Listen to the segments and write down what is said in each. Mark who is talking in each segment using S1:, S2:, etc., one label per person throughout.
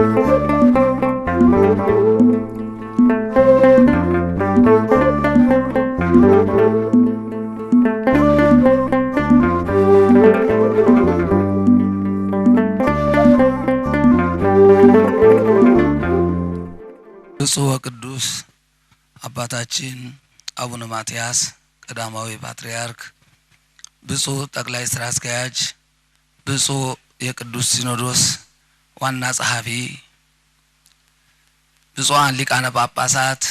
S1: ብፁዕ ቅዱስ አባታችን አቡነ ማትያስ ቀዳማዊ ፓትርያርክ፣ ብፁዕ ጠቅላይ ስራ አስኪያጅ፣ ብፁዕ የቅዱስ ሲኖዶስ ዋና ጸሐፊ፣ ብፁዓን ሊቃነ ጳጳሳት፣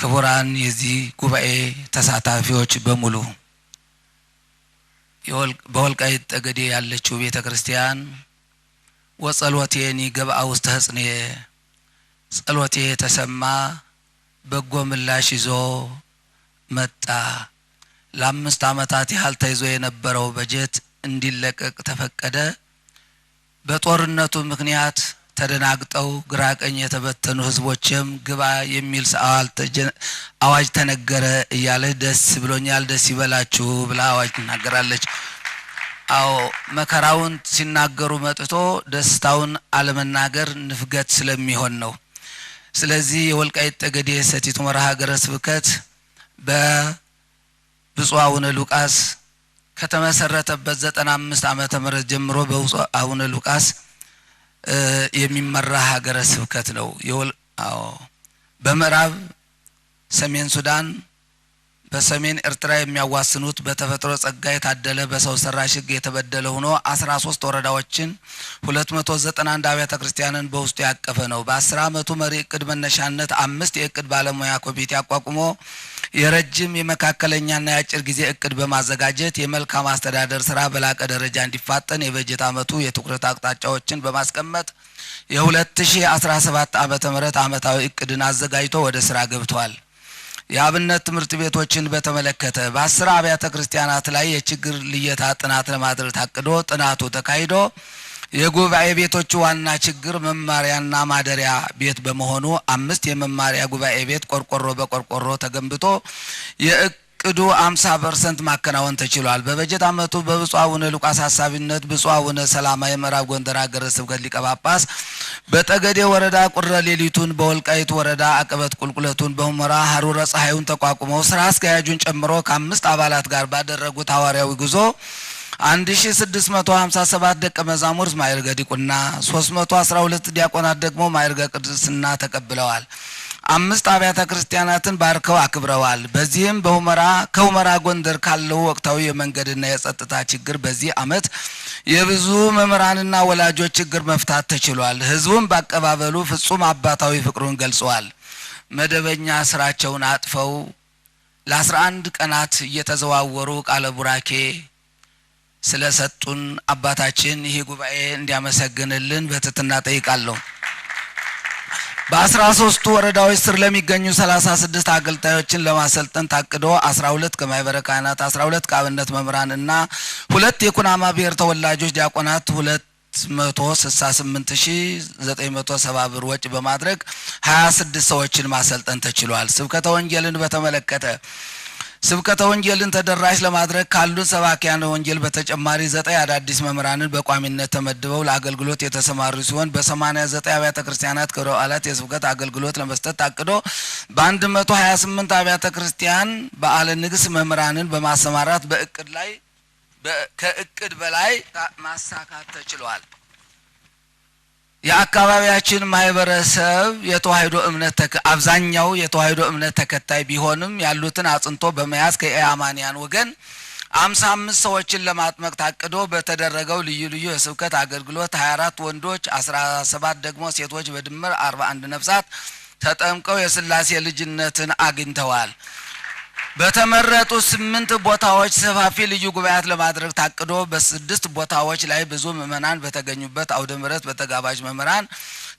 S1: ክቡራን የዚህ ጉባኤ ተሳታፊዎች በሙሉ በወልቃይት ጠገዴ ያለችው ቤተ ክርስቲያን ወጸሎቴኒ ገብአ ውስተ ሕጽንየ ጸሎቴ የተሰማ በጎ ምላሽ ይዞ መጣ። ለአምስት ዓመታት ያህል ተይዞ የነበረው በጀት እንዲለቀቅ ተፈቀደ። በጦርነቱ ምክንያት ተደናግጠው ግራ ቀኝ የተበተኑ ህዝቦችም ግባ የሚል አዋጅ ተነገረ እያለ ደስ ብሎኛል ደስ ይበላችሁ ብላ አዋጅ ትናገራለች። አዎ መከራውን ሲናገሩ መጥቶ ደስታውን አለመናገር ንፍገት ስለሚሆን ነው። ስለዚህ የወልቃይት ጠገዴ ሰቲት ሁመራ ሀገረ ስብከት በብፁዕ አቡነ ሉቃስ ከተመሰረተበት 95 ዓመተ ምህረት ጀምሮ በብፁዕ አቡነ ሉቃስ የሚመራ ሀገረ ስብከት ነው። አዎ በምዕራብ ሰሜን ሱዳን በሰሜን ኤርትራ የሚያዋስኑት በተፈጥሮ ጸጋ የታደለ በሰው ሰራሽ ሕግ የተበደለ ሆኖ 13 ወረዳዎችን 291 አብያተ ክርስቲያንን በውስጡ ያቀፈ ነው። በ10 ዓመቱ መሪ እቅድ መነሻነት አምስት የእቅድ ባለሙያ ኮሚቴ አቋቁሞ የረጅም የመካከለኛና የአጭር ጊዜ እቅድ በማዘጋጀት የመልካም አስተዳደር ስራ በላቀ ደረጃ እንዲፋጠን የበጀት ዓመቱ የትኩረት አቅጣጫዎችን በማስቀመጥ የ2017 ዓ ም ዓመታዊ እቅድን አዘጋጅቶ ወደ ስራ ገብቷል። የአብነት ትምህርት ቤቶችን በተመለከተ በአስር አብያተ ክርስቲያናት ላይ የችግር ልየታ ጥናት ለማድረግ ታቅዶ ጥናቱ ተካሂዶ የጉባኤ ቤቶቹ ዋና ችግር መማሪያና ማደሪያ ቤት በመሆኑ አምስት የመማሪያ ጉባኤ ቤት ቆርቆሮ በቆርቆሮ ተገንብቶ ቅዱ 50 ፐርሰንት ማከናወን ተችሏል። በበጀት ዓመቱ በብፁዕ አቡነ ሉቃስ አሳቢነት ብፁዕ አቡነ ሰላማ የምዕራብ ጎንደር ሀገረ ስብከት ሊቀ ጳጳስ በጠገዴ ወረዳ ቁረ ሌሊቱን፣ በወልቃይት ወረዳ አቀበት ቁልቁለቱን፣ በሁመራ ሀሩረ ፀሐዩን ተቋቁመው ስራ አስኪያጁን ጨምሮ ከአምስት አባላት ጋር ባደረጉት ሐዋርያዊ ጉዞ 1657 ደቀ መዛሙርት ማዕርገ ዲቁና፣ 312 ዲያቆናት ደግሞ ማዕርገ ቅድስና ተቀብለዋል። አምስት አብያተ ክርስቲያናትን ባርከው አክብረዋል። በዚህም በሁመራ ከሁመራ ጎንደር ካለው ወቅታዊ የመንገድና የጸጥታ ችግር በዚህ ዓመት የብዙ መምህራንና ወላጆች ችግር መፍታት ተችሏል። ህዝቡም በአቀባበሉ ፍጹም አባታዊ ፍቅሩን ገልጸዋል። መደበኛ ስራቸውን አጥፈው ለ11 ቀናት እየተዘዋወሩ ቃለ ቡራኬ ስለሰጡን አባታችን ይህ ጉባኤ እንዲያመሰግንልን በትህትና ጠይቃለሁ። በአስራ ሶስቱ ወረዳዎች ስር ለሚገኙ ሰላሳ ስድስት አገልጋዮችን ለማሰልጠን ታቅዶ 12 ሁለት ከማይበረ ካህናት አስራ ሁለት ከአብነት መምህራን እና ሁለት የኩናማ ብሔር ተወላጆች ዲያቆናት ሁለት 168,970 ብር ወጪ በማድረግ 26 ሰዎችን ማሰልጠን ተችሏል። ስብከተ ወንጌልን በተመለከተ ስብከተ ወንጌልን ተደራሽ ለማድረግ ካሉት ሰባኪያነ ወንጌል በተጨማሪ ዘጠኝ አዳዲስ መምህራንን በቋሚነት ተመድበው ለአገልግሎት የተሰማሩ ሲሆን በ89 አብያተ ክርስቲያናት ክብረ በዓላት የስብከት አገልግሎት ለመስጠት ታቅዶ በ128 አብያተ ክርስቲያን በዓለ ንግስ መምህራንን በማሰማራት በእቅድ ላይ ከእቅድ በላይ ማሳካት ተችሏል። የአካባቢያችን ማህበረሰብ የተዋህዶ እምነት አብዛኛው የተዋህዶ እምነት ተከታይ ቢሆንም ያሉትን አጽንቶ በመያዝ ከኢአማንያን ወገን አምሳ አምስት ሰዎችን ለማጥመቅ ታቅዶ በተደረገው ልዩ ልዩ የስብከት አገልግሎት ሀያ አራት ወንዶች አስራ ሰባት ደግሞ ሴቶች በድምር አርባ አንድ ነፍሳት ተጠምቀው የስላሴ ልጅነትን አግኝተዋል። በተመረጡ ስምንት ቦታዎች ሰፋፊ ልዩ ጉባኤያት ለማድረግ ታቅዶ በስድስት ቦታዎች ላይ ብዙ ምዕመናን በተገኙበት አውደ ምረት በተጋባዥ መምህራን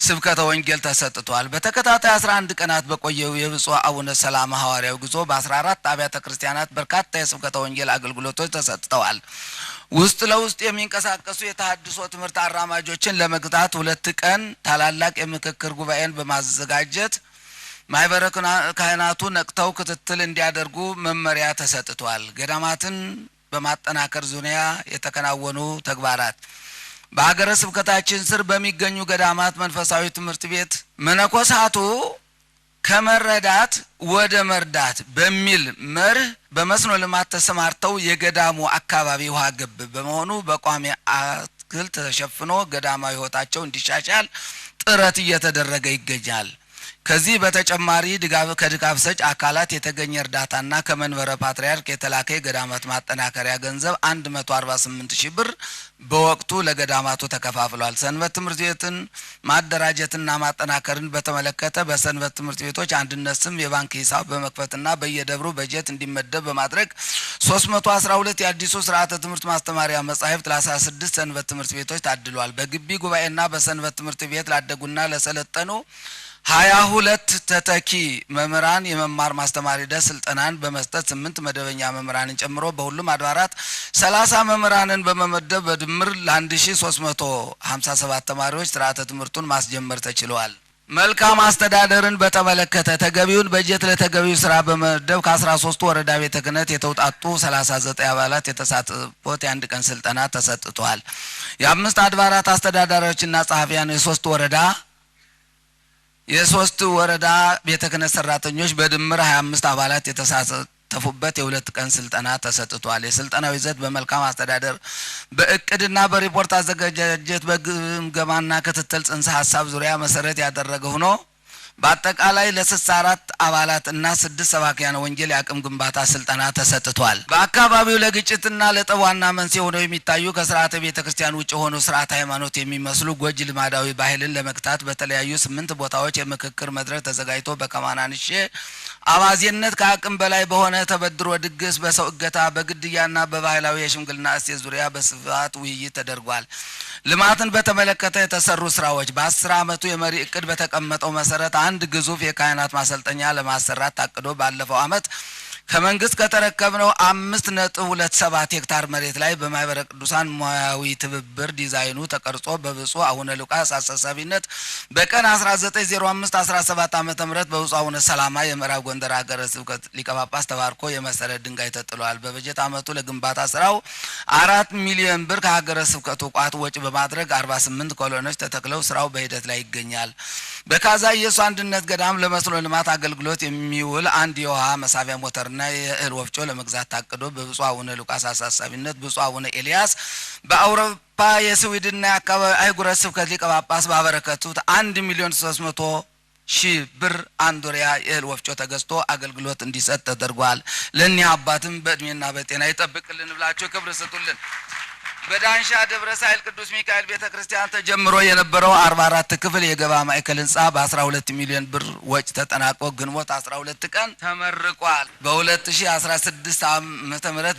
S1: ስብከተ ወንጌል ተሰጥቷል። በተከታታይ 11 ቀናት በቆየው የብፁዕ አቡነ ሰላማ ሐዋርያዊ ጉዞ በ14 አብያተ ክርስቲያናት በርካታ የስብከተ ወንጌል አገልግሎቶች ተሰጥተዋል። ውስጥ ለውስጥ የሚንቀሳቀሱ የተሃድሶ ትምህርት አራማጆችን ለመግታት ሁለት ቀን ታላላቅ የምክክር ጉባኤን በማዘጋጀት ማህበረ ካህናቱ ነቅተው ክትትል እንዲያደርጉ መመሪያ ተሰጥቷል። ገዳማትን በማጠናከር ዙሪያ የተከናወኑ ተግባራት በሀገረ ስብከታችን ስር በሚገኙ ገዳማት መንፈሳዊ ትምህርት ቤት መነኮሳቱ ከመረዳት ወደ መርዳት በሚል መርህ በመስኖ ልማት ተሰማርተው የገዳሙ አካባቢ ውሃ ግብ በመሆኑ በቋሚ አትክልት ተሸፍኖ ገዳማዊ ሕይወታቸው እንዲሻሻል ጥረት እየተደረገ ይገኛል። ከዚህ በተጨማሪ ከድጋፍ ሰጭ አካላት የተገኘ እርዳታና ከመንበረ ፓትርያርክ የተላከ የገዳማት ማጠናከሪያ ገንዘብ 148 ሺህ ብር በወቅቱ ለገዳማቱ ተከፋፍሏል። ሰንበት ትምህርት ቤትን ማደራጀትና ማጠናከርን በተመለከተ በሰንበት ትምህርት ቤቶች አንድነት ስም የባንክ ሂሳብ በመክፈትና በየደብሩ በጀት እንዲመደብ በማድረግ 312 የአዲሱ ስርዓተ ትምህርት ማስተማሪያ መጻሕፍት ለ16 ሰንበት ትምህርት ቤቶች ታድሏል። በግቢ ጉባኤና በሰንበት ትምህርት ቤት ላደጉና ለሰለጠኑ ሀያ ሁለት ተተኪ መምህራን የመማር ማስተማር ሂደት ስልጠናን በመስጠት ስምንት መደበኛ መምህራንን ጨምሮ በሁሉም አድባራት ሰላሳ መምህራንን በመመደብ በድምር ለአንድ ሺ ሶስት መቶ ሀምሳ ሰባት ተማሪዎች ስርዓተ ትምህርቱን ማስጀመር ተችለዋል። መልካም አስተዳደርን በተመለከተ ተገቢውን በጀት ለተገቢው ስራ በመደብ ከ ሶስቱ ወረዳ ቤተ ክህነት የተውጣጡ 39 አባላት የተሳትፎት የአንድ ቀን ስልጠና ተሰጥቷል። የአምስት አድባራት አስተዳዳሪዎችና ጸሐፊያን የሶስት ወረዳ የሶስት ወረዳ ቤተ ክህነት ሰራተኞች በድምር 25 አባላት የተሳተፉበት የሁለት ቀን ስልጠና ተሰጥቷል። የስልጠናው ይዘት በመልካም አስተዳደር በእቅድና በሪፖርት አዘገጃጀት በግምገማና ክትትል ጽንሰ ሀሳብ ዙሪያ መሰረት ያደረገ ሆኖ በአጠቃላይ ለስልሳ አራት አባላት እና ስድስት ሰባኪያነ ወንጌል የአቅም ግንባታ ስልጠና ተሰጥቷል። በአካባቢው ለግጭትና ለጠብ ዋና መንስኤ ሆነው የሚታዩ ከስርዓተ ቤተ ክርስቲያን ውጭ የሆኑ ስርዓት ሃይማኖት የሚመስሉ ጎጂ ልማዳዊ ባህልን ለመግታት በተለያዩ ስምንት ቦታዎች የምክክር መድረክ ተዘጋጅቶ በከማናንሼ አባዜነት ከአቅም በላይ በሆነ ተበድሮ ድግስ፣ በሰው እገታ፣ በግድያና በባህላዊ የሽምግልና እሴት ዙሪያ በስፋት ውይይት ተደርጓል። ልማትን በተመለከተ የተሰሩ ስራዎች በአስር ዓመቱ የመሪ እቅድ በተቀመጠው መሰረት አንድ ግዙፍ የካህናት ማሰልጠኛ ለማሰራት ታቅዶ ባለፈው ዓመት ከመንግስት ከተረከብነው አምስት ነጥብ ሁለት ሰባት ሄክታር መሬት ላይ በማህበረ ቅዱሳን ሙያዊ ትብብር ዲዛይኑ ተቀርጾ በብፁዕ አቡነ ሉቃስ አሳሳቢነት በቀን 1905 17 ዓ ም በብፁዕ አቡነ ሰላማ የምዕራብ ጎንደር ሀገረ ስብከት ሊቀ ጳጳስ ተባርኮ የመሰረት ድንጋይ ተጥሏል። በበጀት ዓመቱ ለግንባታ ስራው አራት ሚሊዮን ብር ከሀገረ ስብከቱ ቋት ወጪ በማድረግ 48 ኮሎኖች ተተክለው ስራው በሂደት ላይ ይገኛል። በካዛ ኢየሱስ አንድነት ገዳም ለመስኖ ልማት አገልግሎት የሚውል አንድ የውሃ መሳቢያ ሞተርና የእህል ወፍጮ ለመግዛት ታቅዶ በብፁዕ አቡነ ሉቃስ አሳሳቢነት ብፁዕ አቡነ ኤልያስ በአውሮፓ የስዊድንና የአካባቢ አህጉረ ስብከት ሊቀ ጳጳስ ባበረከቱት አንድ ሚሊዮን ሶስት መቶ ሺህ ብር አንዱሪያ የእህል ወፍጮ ተገዝቶ አገልግሎት እንዲሰጥ ተደርጓል። ለእኒህ አባትም በእድሜና በጤና ይጠብቅልን ብላቸው ክብር ስጡልን። በዳንሻ ደብረ ሳይል ቅዱስ ሚካኤል ቤተ ክርስቲያን ተጀምሮ የነበረው አርባ 44 ክፍል የገባ ማዕከል ህንጻ በ12 ሚሊዮን ብር ወጪ ተጠናቆ ግንቦት 12 ቀን ተመርቋል። በ2016 ዓ.ም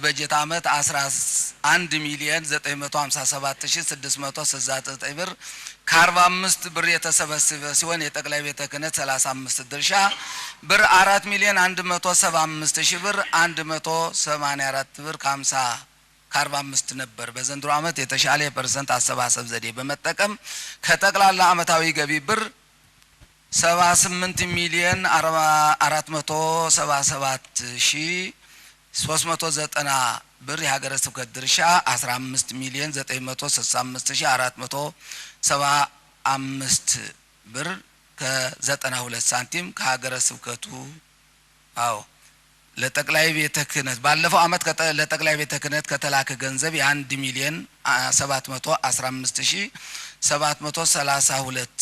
S1: በጀት ዓመት 11 ሚሊዮን 957669 ብር ከ45 ብር የተሰበሰበ ሲሆን የጠቅላይ ቤተ ክህነት 35 ድርሻ ብር 4 ሚሊዮን 175 ሺህ ብር 184 ብር ከ50 ከ45 ነበር። በዘንድሮ ዓመት የተሻለ የፐርሰንት አሰባሰብ ዘዴ በመጠቀም ከጠቅላላ ዓመታዊ ገቢ ብር ሰባት ሚሊዮን 477 መቶ ዘጠና ብር የሀገረ ስብከት ድርሻ 15 አራት መቶ ሰባ አምስት ብር ከዘጠና 92 ሳንቲም ከሀገረ ስብከቱ አዎ ለጠቅላይ ቤተ ክህነት ባለፈው ዓመት ለጠቅላይ ቤተ ክህነት ከተላከ ገንዘብ የአንድ ሚሊየን ሰባት መቶ አስራ አምስት ሺ ሰባት መቶ ሰላሳ ሁለት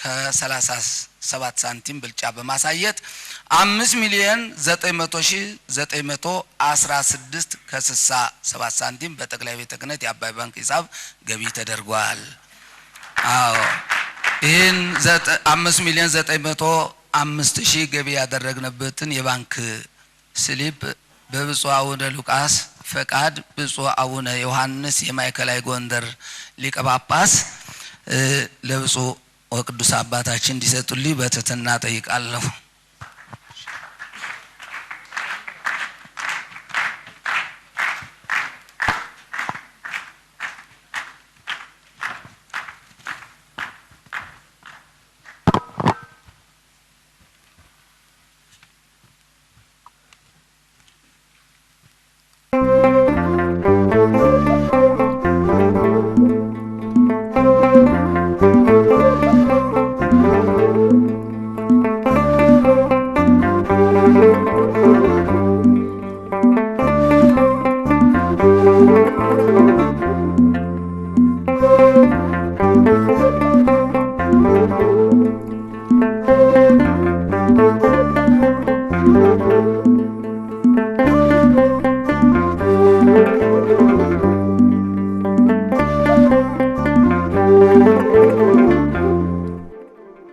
S1: ከሰላሳ ሰባት ሳንቲም ብልጫ በማሳየት አምስት ሚሊየን ዘጠኝ መቶ ሺ ዘጠኝ መቶ አስራ ስድስት ከስሳ ሰባት ሳንቲም በጠቅላይ ቤተ ክህነት የአባይ ባንክ ሂሳብ ገቢ ተደርጓል። አዎ ይህን አምስት ሚሊየን ዘጠኝ መቶ አምስት ሺህ ገቢ ያደረግንበትን የባንክ ስሊፕ በብፁዕ አቡነ ሉቃስ ፈቃድ ብፁዕ አቡነ ዮሐንስ የማዕከላዊ ጎንደር ሊቀ ጳጳስ ለብፁዕ ወቅዱስ አባታችን እንዲሰጡልኝ በትህትና ጠይቃለሁ።